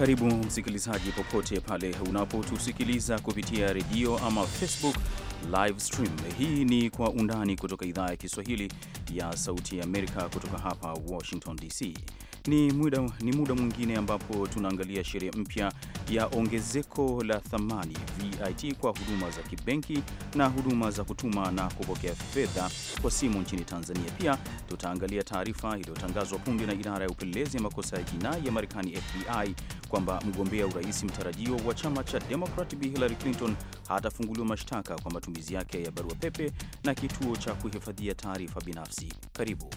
Karibu msikilizaji, popote pale unapotusikiliza kupitia redio ama Facebook live stream. Hii ni Kwa Undani kutoka idhaa ya Kiswahili ya Sauti ya Amerika, kutoka hapa Washington DC. Ni muda, ni muda mwingine ambapo tunaangalia sheria mpya ya ongezeko la thamani vit kwa huduma za kibenki na huduma za kutuma na kupokea fedha kwa simu nchini Tanzania. Pia tutaangalia taarifa iliyotangazwa punde na idara ya upelelezi ya makosa ya jinai ya Marekani FBI kwamba mgombea urais mtarajio wa chama cha Demokrat Bi Hillary Clinton hatafunguliwa mashtaka kwa matumizi yake ya barua pepe na kituo cha kuhifadhia taarifa binafsi. Karibu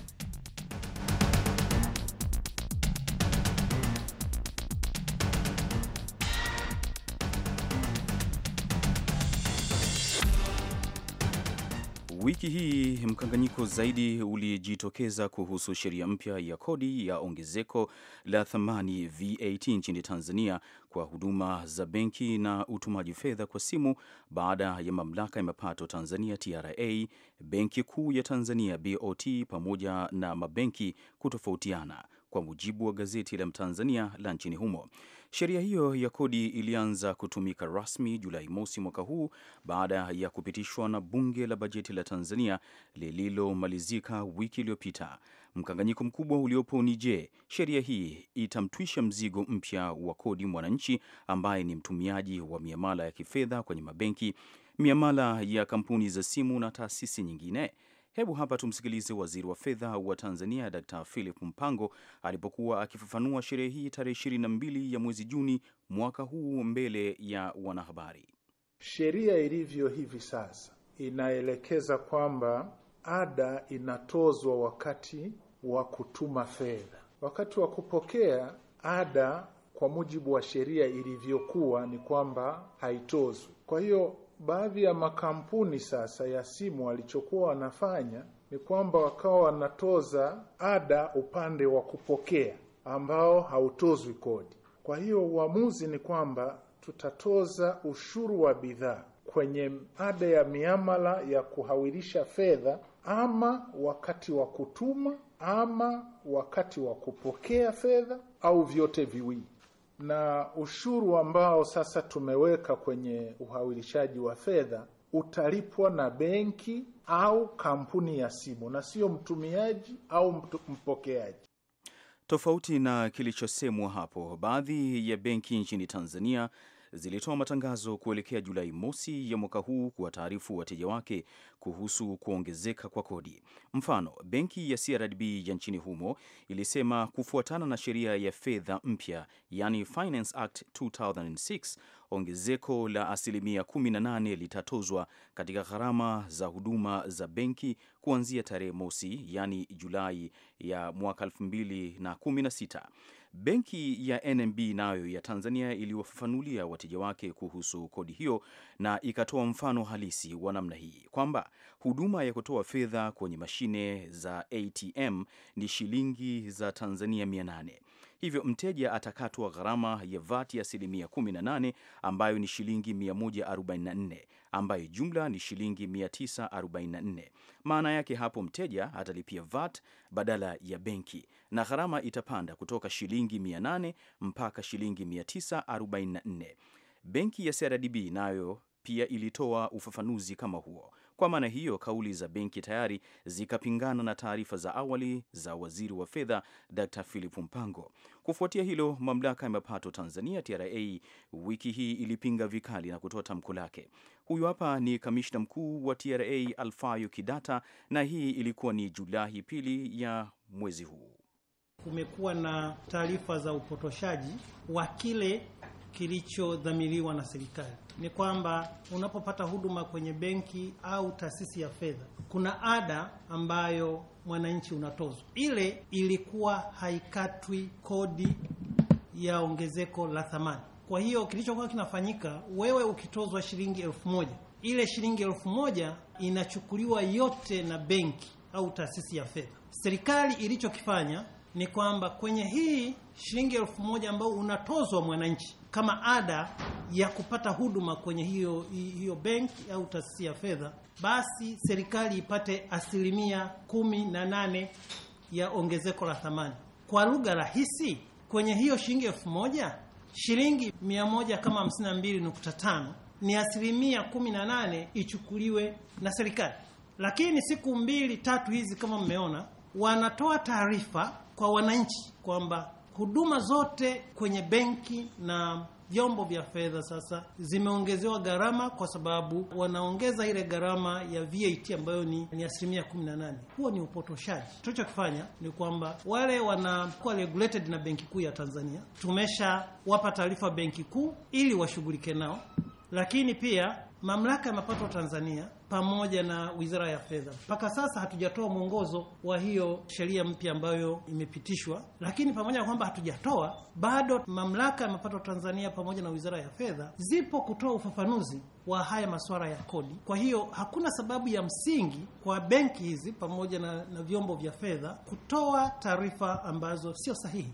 Wiki hii mkanganyiko zaidi ulijitokeza kuhusu sheria mpya ya kodi ya ongezeko la thamani VAT nchini Tanzania kwa huduma za benki na utumaji fedha kwa simu baada ya mamlaka ya mapato Tanzania TRA, Benki Kuu ya Tanzania BOT pamoja na mabenki kutofautiana kwa mujibu wa gazeti la Mtanzania la nchini humo. Sheria hiyo ya kodi ilianza kutumika rasmi Julai mosi mwaka huu baada ya kupitishwa na bunge la bajeti la Tanzania lililomalizika wiki iliyopita. Mkanganyiko mkubwa uliopo ni je, sheria hii itamtwisha mzigo mpya wa kodi mwananchi ambaye ni mtumiaji wa miamala ya kifedha kwenye mabenki, miamala ya kampuni za simu na taasisi nyingine? Hebu hapa tumsikilize waziri wa fedha wa Tanzania d Philip Mpango alipokuwa akifafanua sherehe hii tarehe ishirini na mbili ya mwezi Juni mwaka huu mbele ya wanahabari. Sheria ilivyo hivi sasa inaelekeza kwamba ada inatozwa wakati wa kutuma fedha. Wakati wa kupokea ada, kwa mujibu wa sheria ilivyokuwa, ni kwamba haitozwi. Kwa hiyo baadhi ya makampuni sasa ya simu walichokuwa wanafanya ni kwamba wakawa wanatoza ada upande wa kupokea ambao hautozwi kodi. Kwa hiyo uamuzi ni kwamba tutatoza ushuru wa bidhaa kwenye ada ya miamala ya kuhawilisha fedha, ama wakati wa kutuma, ama wakati wa kupokea fedha, au vyote viwili na ushuru ambao sasa tumeweka kwenye uhawilishaji wa fedha utalipwa na benki au kampuni ya simu na sio mtumiaji au mpokeaji. Tofauti na kilichosemwa hapo, baadhi ya benki nchini Tanzania zilitoa matangazo kuelekea Julai mosi ya mwaka huu kuwataarifu wateja wake kuhusu kuongezeka kwa kodi. Mfano, benki ya CRDB ya nchini humo ilisema kufuatana na sheria ya fedha mpya, yani Finance Act 2006 ongezeko la asilimia 18 litatozwa katika gharama za huduma za benki kuanzia tarehe mosi, yani Julai ya mwaka 2016. Benki ya NMB nayo ya Tanzania iliwafafanulia wateja wake kuhusu kodi hiyo na ikatoa mfano halisi wa namna hii kwamba huduma ya kutoa fedha kwenye mashine za ATM ni shilingi za Tanzania 800 Hivyo mteja atakatwa gharama ya VAT ya asilimia 18 ambayo ni shilingi 144 ambayo jumla ni shilingi 944. Maana yake hapo mteja atalipia VAT badala ya benki na gharama itapanda kutoka shilingi 800 mpaka shilingi 944. Benki ya CRDB nayo pia ilitoa ufafanuzi kama huo. Kwa maana hiyo, kauli za benki tayari zikapingana na taarifa za awali za waziri wa fedha Dr. Philip Mpango. Kufuatia hilo, mamlaka ya mapato Tanzania TRA wiki hii ilipinga vikali na kutoa tamko lake. Huyu hapa ni kamishna mkuu wa TRA Alfayo Kidata, na hii ilikuwa ni Julai pili ya mwezi huu. Kumekuwa na taarifa za upotoshaji wa kile kilichodhamiriwa na serikali. Ni kwamba unapopata huduma kwenye benki au taasisi ya fedha, kuna ada ambayo mwananchi unatozwa. Ile ilikuwa haikatwi kodi ya ongezeko la thamani. Kwa hiyo kilichokuwa kinafanyika, wewe ukitozwa shilingi elfu moja ile shilingi elfu moja inachukuliwa yote na benki au taasisi ya fedha. Serikali ilichokifanya ni kwamba kwenye hii shilingi elfu moja ambayo unatozwa mwananchi kama ada ya kupata huduma kwenye hiyo hiyo benki au taasisi ya fedha, basi serikali ipate asilimia kumi na nane ya ongezeko la thamani. Kwa lugha rahisi, kwenye hiyo shilingi elfu moja shilingi mia moja kama hamsini na mbili nukta tano ni asilimia kumi na nane ichukuliwe na serikali. Lakini siku mbili tatu hizi, kama mmeona, wanatoa taarifa kwa wananchi kwamba huduma zote kwenye benki na vyombo vya fedha sasa zimeongezewa gharama, kwa sababu wanaongeza ile gharama ya VAT ambayo ni, ni asilimia 18. Huo ni upotoshaji. Tulichokifanya ni kwamba wale wanakuwa regulated na Benki Kuu ya Tanzania tumeshawapa taarifa Benki Kuu ili washughulike nao, lakini pia Mamlaka ya Mapato Tanzania pamoja na Wizara ya Fedha, mpaka sasa hatujatoa mwongozo wa hiyo sheria mpya ambayo imepitishwa, lakini pamoja na kwamba hatujatoa bado, Mamlaka ya Mapato Tanzania pamoja na Wizara ya Fedha zipo kutoa ufafanuzi wa haya masuala ya kodi. Kwa hiyo hakuna sababu ya msingi kwa benki hizi pamoja na, na vyombo vya fedha kutoa taarifa ambazo sio sahihi.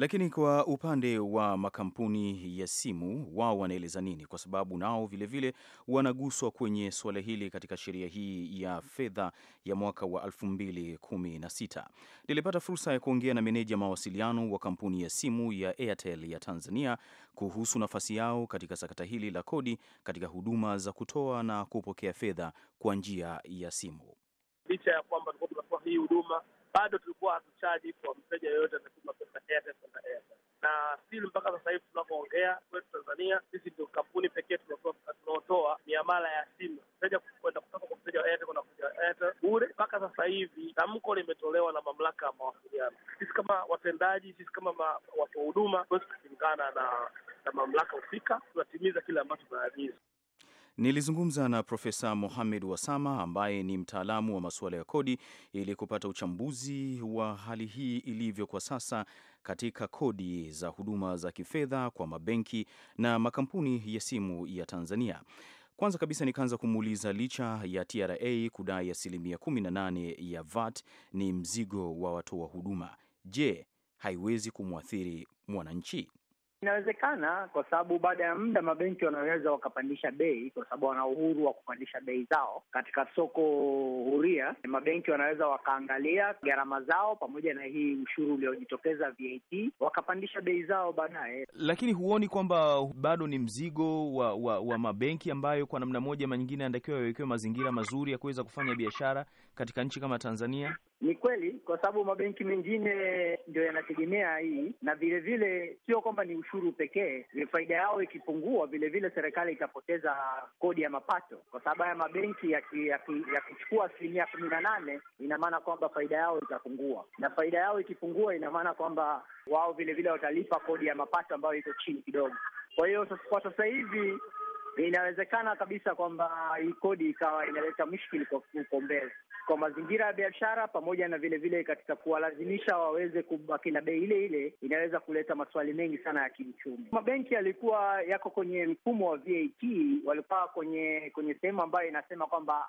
Lakini kwa upande wa makampuni ya simu, wao wanaeleza nini? Kwa sababu nao vilevile wanaguswa kwenye suala hili katika sheria hii ya fedha ya mwaka wa 2016. Nilipata fursa ya kuongea na meneja mawasiliano wa kampuni ya simu ya Airtel ya Tanzania kuhusu nafasi yao katika sakata hili la kodi katika huduma za kutoa na kupokea fedha kwa njia ya simu. Licha ya kwamba kwa hii huduma bado tulikuwa hatuchaji kwa mteja yoyote anatuma pesa airtime kwenda na still mpaka sasa hivi tunavyoongea kwetu Tanzania, sisi ndio kampuni pekee tunaotoa miamala ya simu mteja kwenda kutoka kwa mteja wa airtime kwenda kwa airtime bure. Mpaka sasa hivi tamko limetolewa na mamlaka ya mawasiliano. Sisi kama watendaji, sisi kama watoa huduma, tuwezi kushindana na na mamlaka husika, tunatimiza kile ambacho tunaagiza. Nilizungumza na Profesa Mohamed Wasama ambaye ni mtaalamu wa masuala ya kodi ili kupata uchambuzi wa hali hii ilivyo kwa sasa katika kodi za huduma za kifedha kwa mabenki na makampuni ya simu ya Tanzania. Kwanza kabisa nikaanza kumuuliza licha ya TRA kudai asilimia 18 ya VAT ni mzigo wa watoa wa huduma, je, haiwezi kumwathiri mwananchi? Inawezekana kwa sababu baada ya muda mabenki wanaweza wakapandisha bei, kwa sababu wana uhuru wa kupandisha bei zao katika soko huria. Mabenki wanaweza wakaangalia gharama zao pamoja na hii ushuru uliojitokeza VAT, wakapandisha bei zao baadaye. Lakini huoni kwamba bado ni mzigo wa, wa, wa mabenki ambayo kwa namna moja ama nyingine anatakiwa yawekewe mazingira mazuri ya kuweza kufanya biashara katika nchi kama Tanzania? Ni kweli kwa sababu mabenki mengine ndio yanategemea hii, na vilevile sio kwamba ni ushuru pekee. Faida yao ikipungua, vilevile serikali itapoteza kodi ya mapato, kwa sababu haya mabenki yakichukua ya asilimia kumi na nane, ina maana kwamba faida yao itapungua, na faida yao ikipungua, ina maana kwamba wao vilevile watalipa kodi ya mapato ambayo iko chini kidogo. Kwa hiyo kwa sasa hivi inawezekana kabisa kwamba hii kodi ikawa inaleta mshkili kwa huko mbele kwa mazingira ya biashara pamoja na vile vile katika kuwalazimisha waweze kubaki na bei ile ile, inaweza kuleta maswali mengi sana ya kiuchumi. Mabenki yalikuwa yako kwenye mfumo wa VAT, walikuwa kwenye kwenye sehemu ambayo inasema kwamba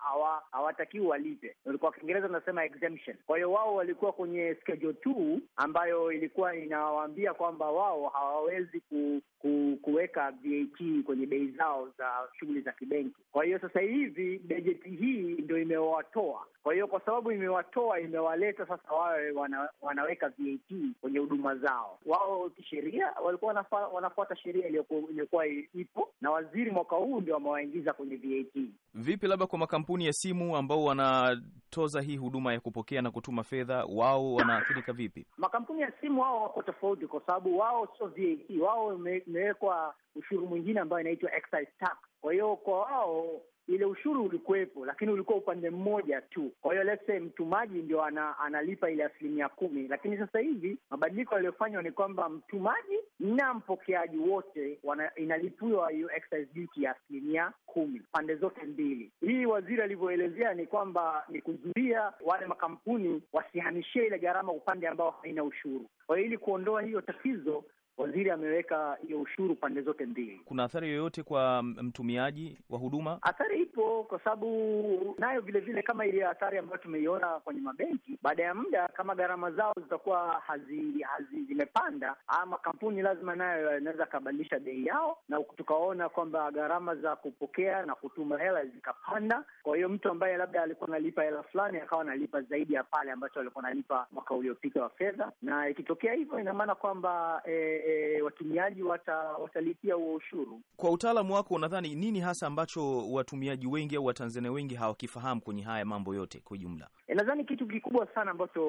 hawatakiwi walipe, kwa Kiingereza unasema exemption. Kwa hiyo wao walikuwa kwenye schedule two ambayo ilikuwa inawaambia kwamba wao hawawezi ku, ku, kuweka VAT kwenye bei zao za shughuli za kibenki. Kwa hiyo sasa hivi bajeti hii ndio imewatoa. Kwa hiyo kwa sababu imewatoa, imewaleta sasa wawe wana, wanaweka VAT kwenye huduma zao. Wao kisheria walikuwa wanafuata sheria iliyokuwa ipo, na waziri mwaka huu ndio wamewaingiza kwenye VAT. Vipi labda kwa makampuni ya simu ambao wanatoza hii huduma ya kupokea na kutuma fedha, wao wanaathirika vipi? Makampuni ya simu wao wako tofauti, kwa sababu wao sio VAT, wao imewekwa ushuru mwingine ambayo inaitwa excise tax. Kwa hiyo kwa wao ile ushuru ulikuwepo, lakini ulikuwa upande mmoja tu. Kwa hiyo let's say mtumaji ndio ana, analipa ile asilimia kumi, lakini sasa hivi mabadiliko yaliyofanywa ni kwamba mtumaji na mpokeaji wote wana, inalipiwa hiyo excise duty ya asilimia kumi pande zote mbili. Hii waziri alivyoelezea ni kwamba ni kuzuia wale makampuni wasihamishie ile gharama upande ambao haina ushuru. Kwa hiyo ili kuondoa hiyo tatizo waziri ameweka hiyo ushuru pande zote mbili. Kuna athari yoyote kwa mtumiaji wa huduma? Athari ipo, kwa sababu nayo vilevile vile kama ile athari ambayo tumeiona kwenye mabenki, baada ya muda kama gharama zao zitakuwa hazi, hazi zimepanda, ama kampuni lazima nayo anaweza akabadilisha bei yao, na tukaona kwamba gharama za kupokea na kutuma hela zikapanda. Kwa hiyo mtu ambaye labda alikuwa analipa hela fulani akawa analipa zaidi ya pale ambacho alikuwa analipa mwaka uliopita wa fedha, na ikitokea hivyo ina maana kwamba eh, e, watumiaji wata, watalipia huo ushuru. Kwa utaalamu wako, unadhani nini hasa ambacho watumiaji wengi au Watanzania wengi hawakifahamu kwenye haya mambo yote kwa ujumla? E, nadhani kitu kikubwa sana ambacho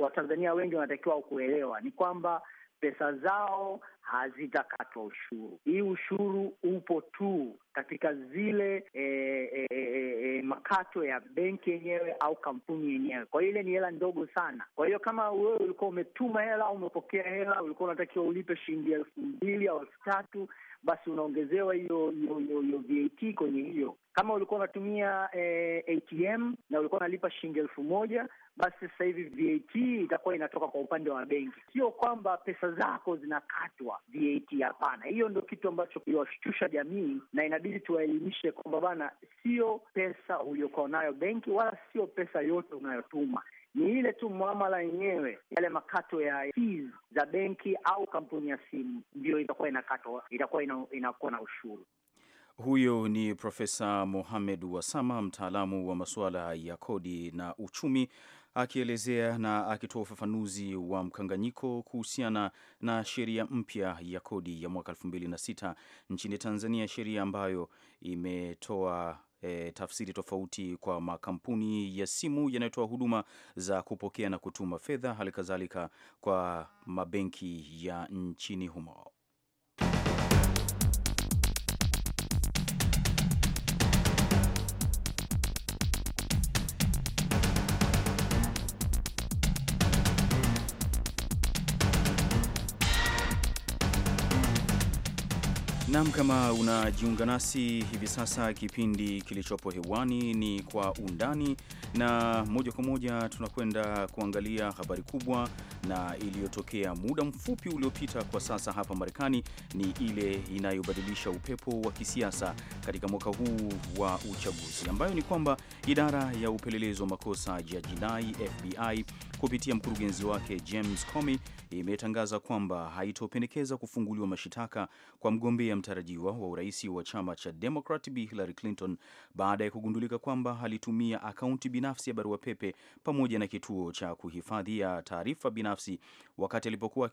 Watanzania wengi wanatakiwa kuelewa ni kwamba pesa zao hazitakatwa ushuru. Hii ushuru upo tu katika zile e e, e, e, e, makato ya benki yenyewe au kampuni yenyewe. Kwa hiyo ile ni hela ndogo sana. Kwa hiyo kama wewe ulikuwa umetuma hela au umepokea hela, ulikuwa unatakiwa ulipe shilingi elfu mbili au elfu tatu basi unaongezewa hiyo hiyo VAT kwenye hiyo. Kama ulikuwa unatumia eh, ATM na ulikuwa unalipa shilingi elfu moja basi sasa hivi VAT itakuwa inatoka kwa upande wa benki, sio kwamba pesa zako zinakatwa VAT. Hapana, hiyo ndio kitu ambacho kiwashtusha jamii, na inabidi tuwaelimishe kwamba bana, sio pesa uliokuwa nayo benki wala sio pesa yote unayotuma ni ile tu mwamala yenyewe, yale makato ya fees za benki au kampuni ya simu ndiyo itakuwa inakatwa, itakuwa inakuwa na ushuru. Huyo ni Profesa Mohamed Wasama, mtaalamu wa masuala ya kodi na uchumi akielezea na akitoa ufafanuzi wa mkanganyiko kuhusiana na sheria mpya ya kodi ya mwaka sita nchini Tanzania, sheria ambayo imetoa E, tafsiri tofauti kwa makampuni ya simu yanayotoa huduma za kupokea na kutuma fedha, hali kadhalika kwa mabenki ya nchini humo. Nam, kama unajiunga nasi hivi sasa, kipindi kilichopo hewani ni Kwa Undani, na moja kwa moja tunakwenda kuangalia habari kubwa na iliyotokea muda mfupi uliopita kwa sasa hapa Marekani ni ile inayobadilisha upepo wa kisiasa katika mwaka huu wa uchaguzi, ambayo ni kwamba idara ya upelelezi wa makosa ya jinai FBI kupitia mkurugenzi wake James Comey imetangaza kwamba haitopendekeza kufunguliwa mashitaka kwa mgombea mtarajiwa wa urais wa chama cha Democrat Bi Hillary Clinton baada ya kugundulika kwamba alitumia akaunti binafsi ya barua pepe pamoja na kituo cha kuhifadhia taarifa binafsi wakati alipokuwa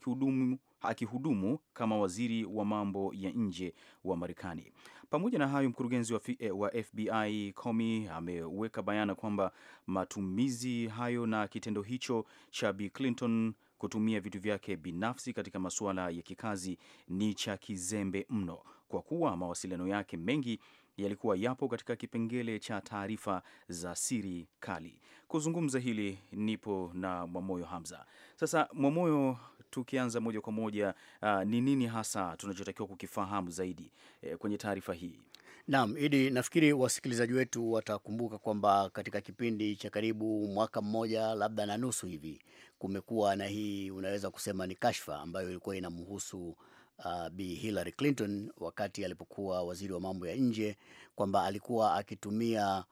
akihudumu kama waziri wa mambo ya nje wa Marekani. Pamoja na hayo, mkurugenzi wa FBI eh, Comey ameweka bayana kwamba matumizi hayo na kitendo hicho cha Bi Clinton kutumia vitu vyake binafsi katika masuala ya kikazi ni cha kizembe mno, kwa kuwa mawasiliano yake mengi yalikuwa yapo katika kipengele cha taarifa za siri kali. Kuzungumza hili nipo na Mwamoyo Hamza. Sasa Mwamoyo, tukianza moja kwa moja, ah, ni nini hasa tunachotakiwa kukifahamu zaidi eh, kwenye taarifa hii? Naam, Idi, nafikiri wasikilizaji wetu watakumbuka kwamba katika kipindi cha karibu mwaka mmoja labda na nusu hivi kumekuwa na hii, unaweza kusema ni kashfa ambayo ilikuwa inamhusu uh, Bi Hillary Clinton wakati alipokuwa waziri wa mambo ya nje kwamba alikuwa akitumia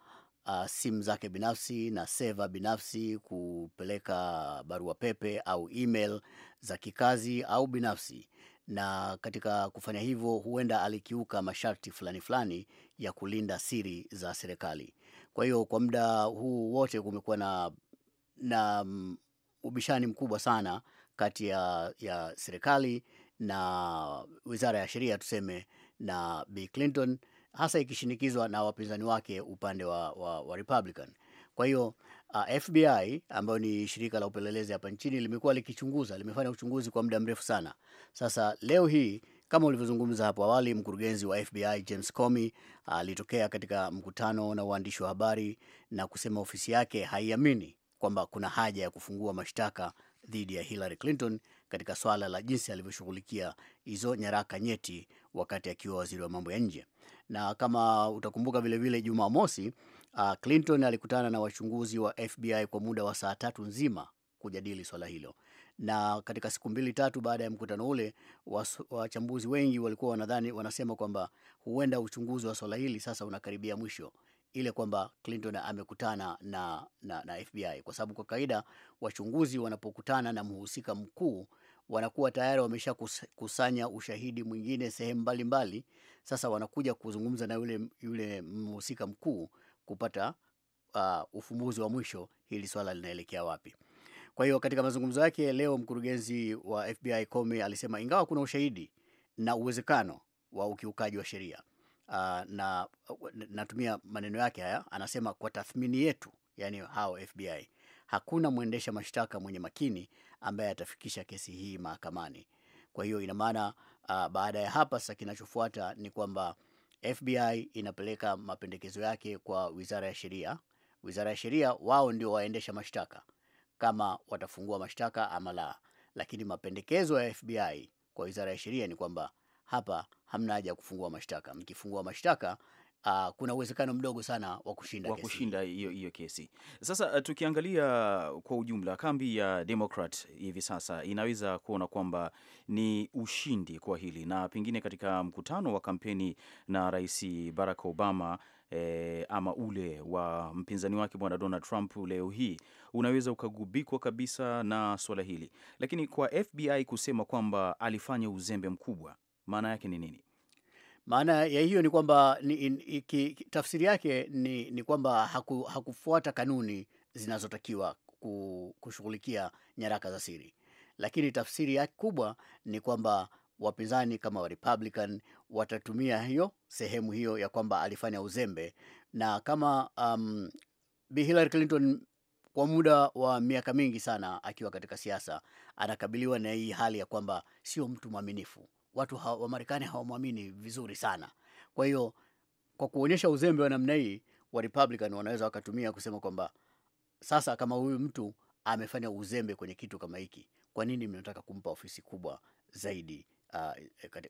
uh, simu zake binafsi na seva binafsi kupeleka barua pepe au email za kikazi au binafsi na katika kufanya hivyo huenda alikiuka masharti fulani fulani ya kulinda siri za serikali. Kwa hiyo kwa muda huu wote kumekuwa na, na mm, ubishani mkubwa sana kati ya, ya serikali na wizara ya sheria tuseme, na b Clinton, hasa ikishinikizwa na wapinzani wake upande wa, wa, wa Republican. Kwa hiyo uh, FBI ambayo ni shirika la upelelezi hapa nchini limekuwa likichunguza, limefanya uchunguzi kwa muda mrefu sana. Sasa leo hii kama ulivyozungumza hapo awali, mkurugenzi wa FBI James Comey alitokea katika mkutano na uandishi wa habari na kusema ofisi yake haiamini kwamba kuna haja ya kufungua mashtaka dhidi ya Hillary Clinton katika swala la jinsi alivyoshughulikia hizo nyaraka nyeti wakati akiwa waziri wa mambo ya nje. Na kama utakumbuka vilevile, Jumamosi uh, Clinton alikutana na wachunguzi wa FBI kwa muda wa saa tatu nzima kujadili swala hilo na katika siku mbili tatu baada ya mkutano ule, wachambuzi wengi walikuwa wanadhani, wanasema kwamba huenda uchunguzi wa swala hili sasa unakaribia mwisho, ile kwamba Clinton amekutana na, na, na FBI kwa sababu kwa kawaida wachunguzi wanapokutana na mhusika mkuu wanakuwa tayari wamesha kusanya ushahidi mwingine sehemu mbalimbali. Sasa wanakuja kuzungumza na yule, yule mhusika mkuu kupata uh, ufumbuzi wa mwisho, hili swala linaelekea wapi. Kwa hiyo katika mazungumzo yake leo, mkurugenzi wa FBI Comey alisema ingawa kuna ushahidi na uwezekano wa ukiukaji wa sheria uh, na natumia maneno yake haya, anasema kwa tathmini yetu, yani hao FBI, hakuna mwendesha mashtaka mwenye makini ambaye atafikisha kesi hii mahakamani. Kwa hiyo ina maana uh, baada ya hapa sasa kinachofuata ni kwamba FBI inapeleka mapendekezo yake kwa Wizara ya Sheria. Wizara ya Sheria wao ndio waendesha mashtaka kama watafungua mashtaka ama la, lakini mapendekezo ya FBI kwa Wizara ya Sheria ni kwamba hapa hamna haja ya kufungua mashtaka. Mkifungua mashtaka Uh, kuna uwezekano mdogo sana wa kushinda wa kushinda hiyo hiyo kesi. Sasa eh, tukiangalia kwa ujumla, kambi ya Democrat hivi sasa inaweza kuona kwamba ni ushindi kwa hili, na pengine katika mkutano wa kampeni na Rais Barack Obama E, ama ule wa mpinzani wake bwana Donald Trump leo hii unaweza ukagubikwa kabisa na swala hili, lakini kwa FBI kusema kwamba alifanya uzembe mkubwa maana yake ni nini? Maana ya hiyo ni kwamba tafsiri yake ni, ni kwamba haku, hakufuata kanuni zinazotakiwa kushughulikia nyaraka za siri, lakini tafsiri yake kubwa ni kwamba wapinzani kama wa Republican watatumia hiyo sehemu hiyo ya kwamba alifanya uzembe na kama um, Bi Hillary Clinton kwa muda wa miaka mingi sana akiwa katika siasa anakabiliwa na hii hali ya kwamba sio mtu mwaminifu watu ha, wa Marekani hawamwamini vizuri sana. Kwa hiyo kwa kuonyesha uzembe wa namna hii wa Republican wanaweza wakatumia kusema kwamba sasa kama huyu mtu amefanya uzembe kwenye kitu kama hiki, kwa nini mnataka kumpa ofisi kubwa zaidi uh,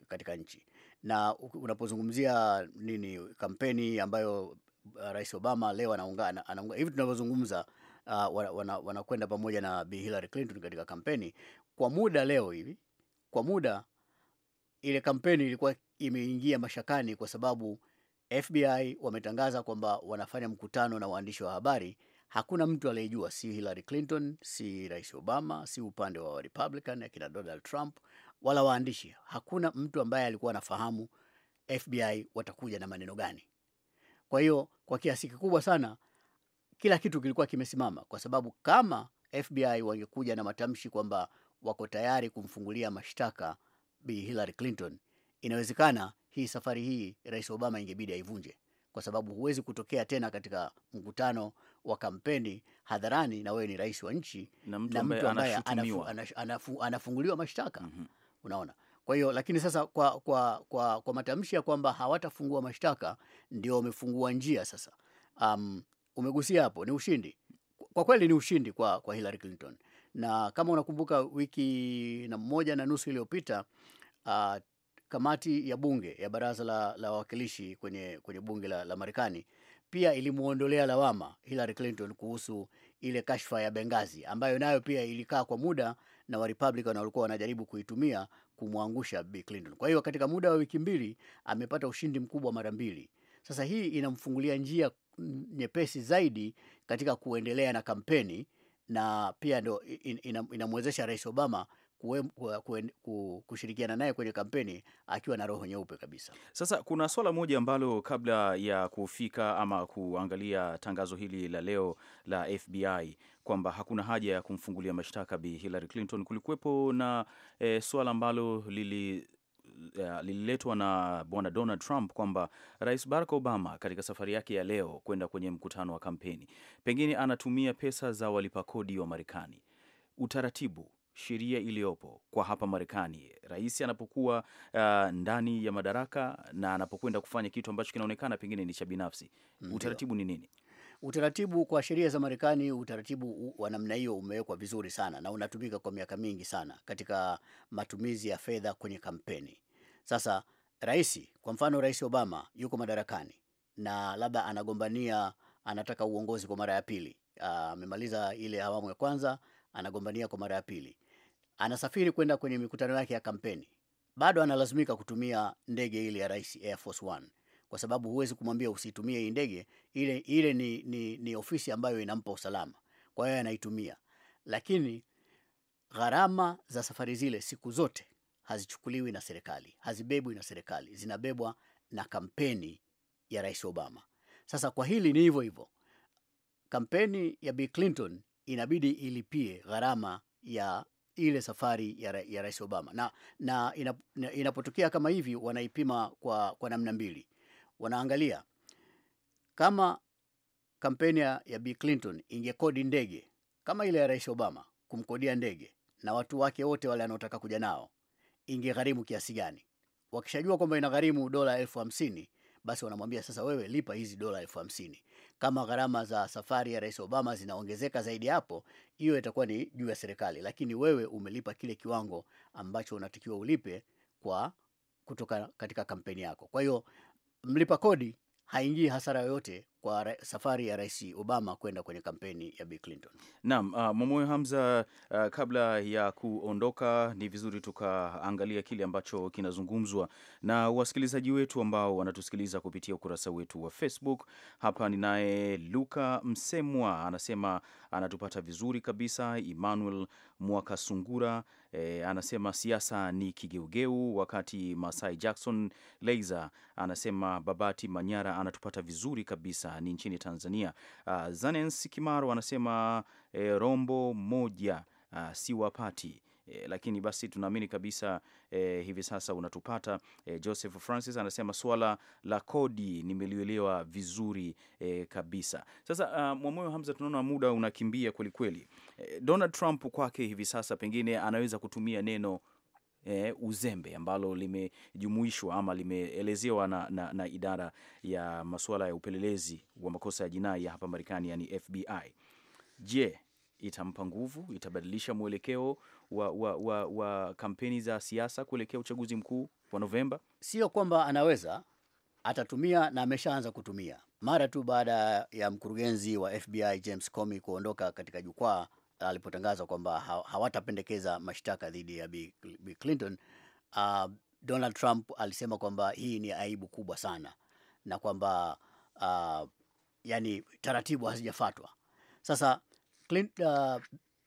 katika nchi? Na unapozungumzia nini kampeni ambayo uh, Rais Obama leo anaunga, anaunga hivi tunavyozungumza uh, wanakwenda pamoja na Bi Hillary Clinton katika kampeni kwa muda leo hivi, kwa muda ile kampeni ilikuwa imeingia mashakani kwa sababu FBI wametangaza kwamba wanafanya mkutano na waandishi wa habari. Hakuna mtu aliyejua, si Hillary Clinton, si Rais Obama, si upande wa Republican akina Donald Trump wala waandishi. Hakuna mtu ambaye alikuwa anafahamu FBI watakuja na maneno gani. Kwa hiyo kwa kiasi kikubwa sana kila kitu kilikuwa kimesimama, kwa sababu kama FBI wangekuja na matamshi kwamba wako tayari kumfungulia mashtaka Bi Hillary Clinton, inawezekana hii safari hii Rais Obama ingebidi aivunje, kwa sababu huwezi kutokea tena katika mkutano wa kampeni hadharani na wewe ni rais wa nchi na mtu ambaye anafu, anafu, anafunguliwa mashtaka mm -hmm. Unaona, kwa hiyo lakini sasa kwa, kwa, kwa, kwa matamshi ya kwamba hawatafungua mashtaka ndio wamefungua njia sasa. Um, umegusia hapo, ni ushindi kwa kweli, ni ushindi kwa, kwa Hillary Clinton. Na kama unakumbuka wiki na moja na nusu iliyopita uh, kamati ya bunge ya baraza la wawakilishi kwenye, kwenye bunge la, la Marekani pia ilimwondolea lawama Hillary Clinton kuhusu ile kashfa ya Benghazi ambayo nayo pia ilikaa kwa muda na Warepublican walikuwa wanajaribu kuitumia kumwangusha Bi Clinton. Kwa hiyo katika muda wa wiki mbili amepata ushindi mkubwa mara mbili. Sasa hii inamfungulia njia nyepesi zaidi katika kuendelea na kampeni na pia ndo inamwezesha ina Rais Obama kushirikiana naye kwenye kampeni akiwa na roho nyeupe kabisa. Sasa kuna swala moja ambalo kabla ya kufika ama kuangalia tangazo hili la leo la FBI kwamba hakuna haja ya kumfungulia mashtaka Bi Hillary Clinton, kulikuwepo na e, swala ambalo lili uh, lililetwa na bwana Donald Trump kwamba Rais Barack Obama katika safari yake ya leo kwenda kwenye mkutano wa kampeni pengine anatumia pesa za walipa kodi wa Marekani. Utaratibu sheria iliyopo kwa hapa Marekani, rais anapokuwa uh, ndani ya madaraka na anapokwenda kufanya kitu ambacho kinaonekana pengine ni cha binafsi, utaratibu ni nini? Utaratibu kwa sheria za Marekani, utaratibu wa namna hiyo umewekwa vizuri sana na unatumika kwa miaka mingi sana katika matumizi ya fedha kwenye kampeni. Sasa rais, kwa mfano, Rais Obama yuko madarakani na labda anagombania, anataka uongozi kwa mara ya pili, ah, amemaliza ile awamu ya kwanza, anagombania kwa mara ya pili, anasafiri kwenda kwenye mikutano yake ya kampeni, bado analazimika kutumia ndege ile ya rais, Air Force One, kwa sababu huwezi kumwambia usitumie hii ndege. Ile ile ni, ni, ni ofisi ambayo inampa usalama, kwa hiyo anaitumia, lakini gharama za safari zile siku zote hazichukuliwi na serikali, hazibebwi na serikali, zinabebwa na kampeni ya Rais Obama. Sasa kwa hili ni hivyo hivyo, kampeni ya Bill Clinton inabidi ilipie gharama ya ile safari ya, ya Rais Obama na, na inap, inapotokea kama hivi wanaipima kwa, kwa namna mbili. Wanaangalia kama kampeni ya Bill Clinton ingekodi ndege kama ile ya Rais Obama, kumkodia ndege na watu wake wote wale anaotaka kuja nao ingegharimu kiasi gani. Wakishajua kwamba inagharimu dola elfu hamsini basi wanamwambia sasa, wewe lipa hizi dola elfu hamsini. Kama gharama za safari ya Rais Obama zinaongezeka zaidi hapo, hiyo itakuwa ni juu ya serikali, lakini wewe umelipa kile kiwango ambacho unatakiwa ulipe kwa kutoka katika kampeni yako. Kwa hiyo mlipa kodi haingii hasara yoyote kwa safari ya Rais Obama kwenda kwenye kampeni ya Bill Clinton. Naam, uh, Mwamoyo Hamza, uh, kabla ya kuondoka ni vizuri tukaangalia kile ambacho kinazungumzwa na wasikilizaji wetu ambao wanatusikiliza kupitia ukurasa wetu wa Facebook. Hapa ninaye Luka Msemwa anasema anatupata vizuri kabisa. Emmanuel Mwakasungura E, anasema siasa ni kigeugeu, wakati Masai Jackson Leiza anasema Babati Manyara anatupata vizuri kabisa ni nchini Tanzania. Uh, ah, Zanens Kimaro anasema e, eh, rombo moja uh, si wapati E, lakini basi tunaamini kabisa e, hivi sasa unatupata. E, Joseph Francis anasema swala la kodi nimelielewa vizuri e, kabisa. Sasa uh, Mwamoyo Hamza, tunaona muda unakimbia kwelikweli. E, Donald Trump kwake hivi sasa pengine anaweza kutumia neno eh, uzembe ambalo limejumuishwa ama limeelezewa na, na, na idara ya masuala ya upelelezi wa makosa ya jinai ya hapa Marekani, yani FBI. Je, itampa nguvu? Itabadilisha mwelekeo wa, wa, wa, wa kampeni za siasa kuelekea uchaguzi mkuu wa Novemba? Sio kwamba anaweza atatumia na ameshaanza kutumia mara tu baada ya mkurugenzi wa FBI James Comey kuondoka katika jukwaa alipotangaza kwamba hawatapendekeza mashtaka dhidi ya Bi Clinton, uh, Donald Trump alisema kwamba hii ni aibu kubwa sana na kwamba uh, yani taratibu hazijafatwa. Sasa Clint, uh,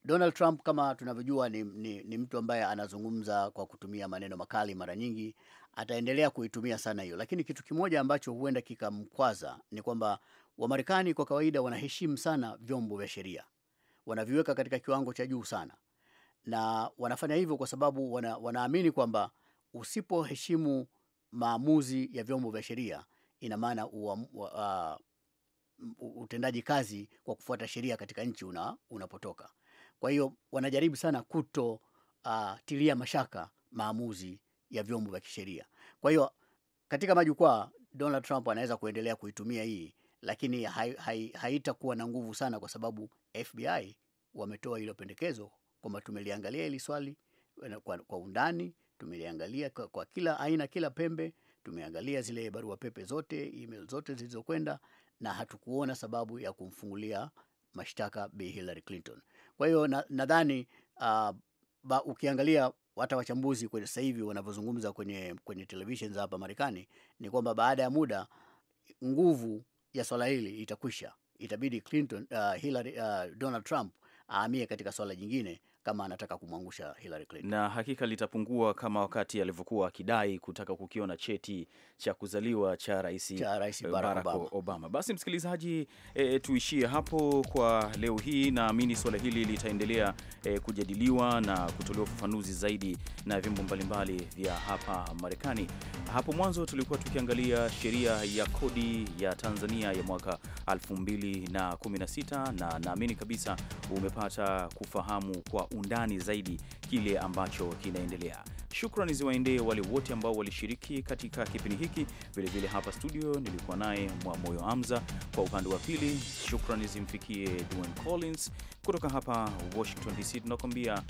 Donald Trump kama tunavyojua ni, ni, ni mtu ambaye anazungumza kwa kutumia maneno makali mara nyingi, ataendelea kuitumia sana hiyo, lakini kitu kimoja ambacho huenda kikamkwaza ni kwamba Wamarekani kwa kawaida wanaheshimu sana vyombo vya sheria wanaviweka katika kiwango cha juu sana, na wanafanya hivyo kwa sababu wana, wanaamini kwamba usipoheshimu maamuzi ya vyombo vya sheria, ina maana utendaji kazi kwa kufuata sheria katika nchi una, unapotoka. Kwa hiyo wanajaribu sana kuto uh, tilia mashaka maamuzi ya vyombo vya kisheria. Kwa hiyo katika majukwaa Donald Trump anaweza kuendelea kuitumia hii lakini haitakuwa hai, hai na nguvu sana kwa sababu FBI wametoa hilo pendekezo kwamba tumeliangalia hili swali eh, kwa, kwa undani tumeliangalia kwa, kwa kila aina kila pembe tumeangalia zile barua pepe zote email zote zilizokwenda na hatukuona sababu ya kumfungulia mashtaka Bi Hillary Clinton. Kwa hiyo nadhani na ah, uh, ukiangalia hata wachambuzi sasa hivi wanavyozungumza kwenye, kwenye television za hapa Marekani ni kwamba baada ya muda nguvu ya swala hili itakwisha, itabidi Clinton, uh, Hillary, uh, Donald Trump ahamie katika swala jingine kama anataka kumwangusha Hillary Clinton, na hakika litapungua kama wakati alivyokuwa akidai kutaka kukiona cheti cha kuzaliwa cha rais Barack Obama. Obama. Basi msikilizaji, e, tuishie hapo kwa leo hii. Naamini suala hili litaendelea e, kujadiliwa na kutolewa ufafanuzi zaidi na vyombo mbalimbali vya hapa Marekani. Hapo mwanzo tulikuwa tukiangalia sheria ya kodi ya Tanzania ya mwaka 2016 na naamini kabisa umepata kufahamu kwa undani zaidi kile ambacho kinaendelea. Shukrani ziwaendee wale wote ambao walishiriki katika kipindi hiki. Vilevile hapa studio nilikuwa naye Mwamoyo Hamza kwa upande wa pili. Shukrani zimfikie Dwayne Collins kutoka hapa Washington DC, tunakuambia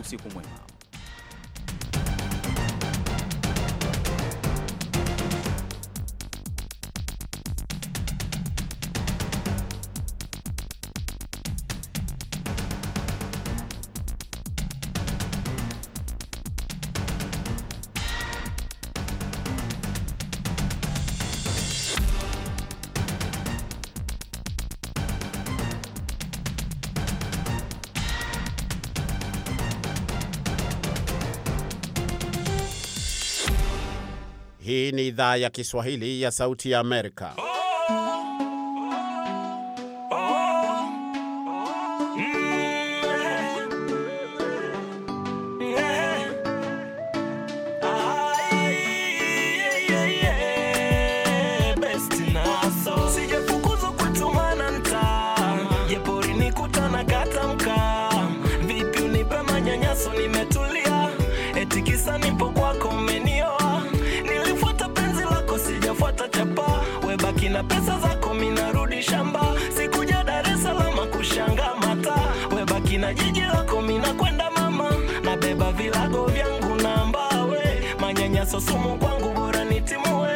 usiku mwema. ni idhaa ya Kiswahili ya Sauti ya Amerika. Oh, oh, oh, mm, yeah, yeah, yeah, yeah, yeah, sasa sumu kwangu bora nitimue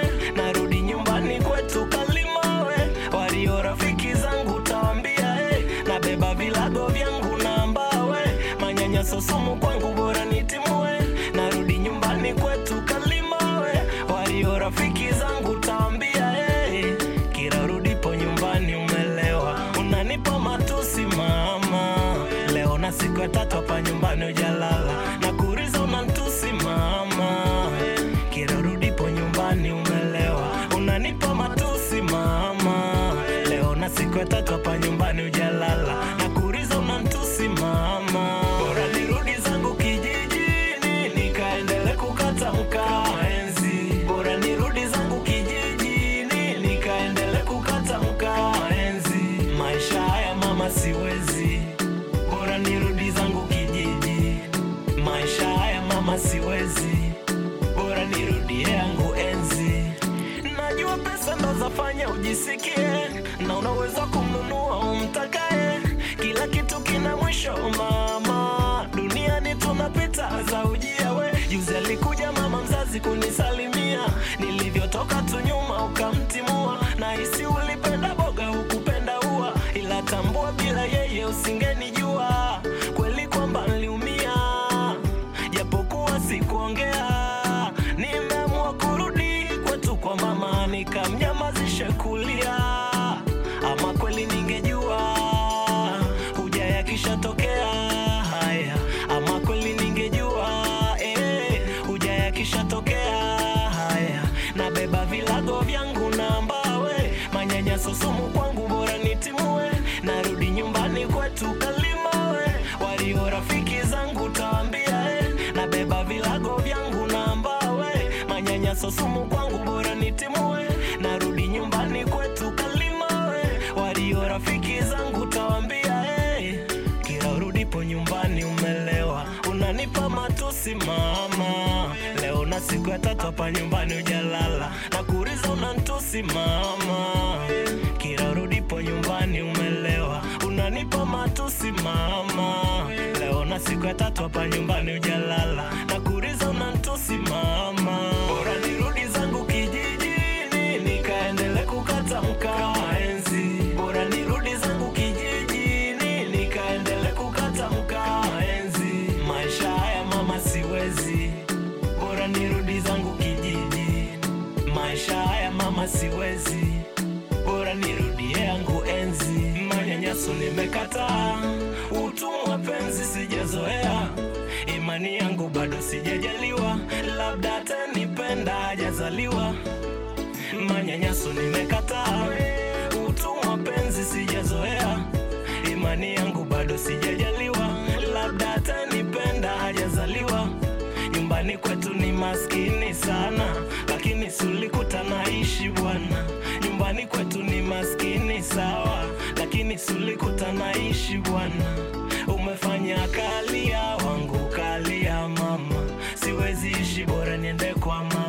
tu leo na siku ya tatu hapa nyumbani ujalala nisikie, na unaweza kumnunua umtakaye. Kila kitu kina mwisho mama, duniani tunapita za ujia. We juzi alikuja mama mzazi kunisalimia, nilivyotoka tu nyuma ukamtimua, na hisi ulipenda boga hukupenda ua, ila tambua bila yeye usingenijua. hapa nyumbani ujalala na kuriza unantusi mama, kila rudipo nyumbani umelewa, unanipa matusi mama. Leo na siku ya tatu hapa nyumbani ujalala na kuriza unantusi mama Yesu nimekataa, utumwa penzi sijazoea, imani yangu bado sijajaliwa, labda atanipenda hajazaliwa. Manyanyaso nimekataa, utumwa penzi sijazoea, imani yangu bado sijajaliwa, labda atanipenda hajazaliwa. Nyumbani kwetu ni maskini sana, lakini sulikutana sulikuta naishi Bwana, umefanya kalia wangu kalia mama, siwezi ishi, bora niende kwa mama.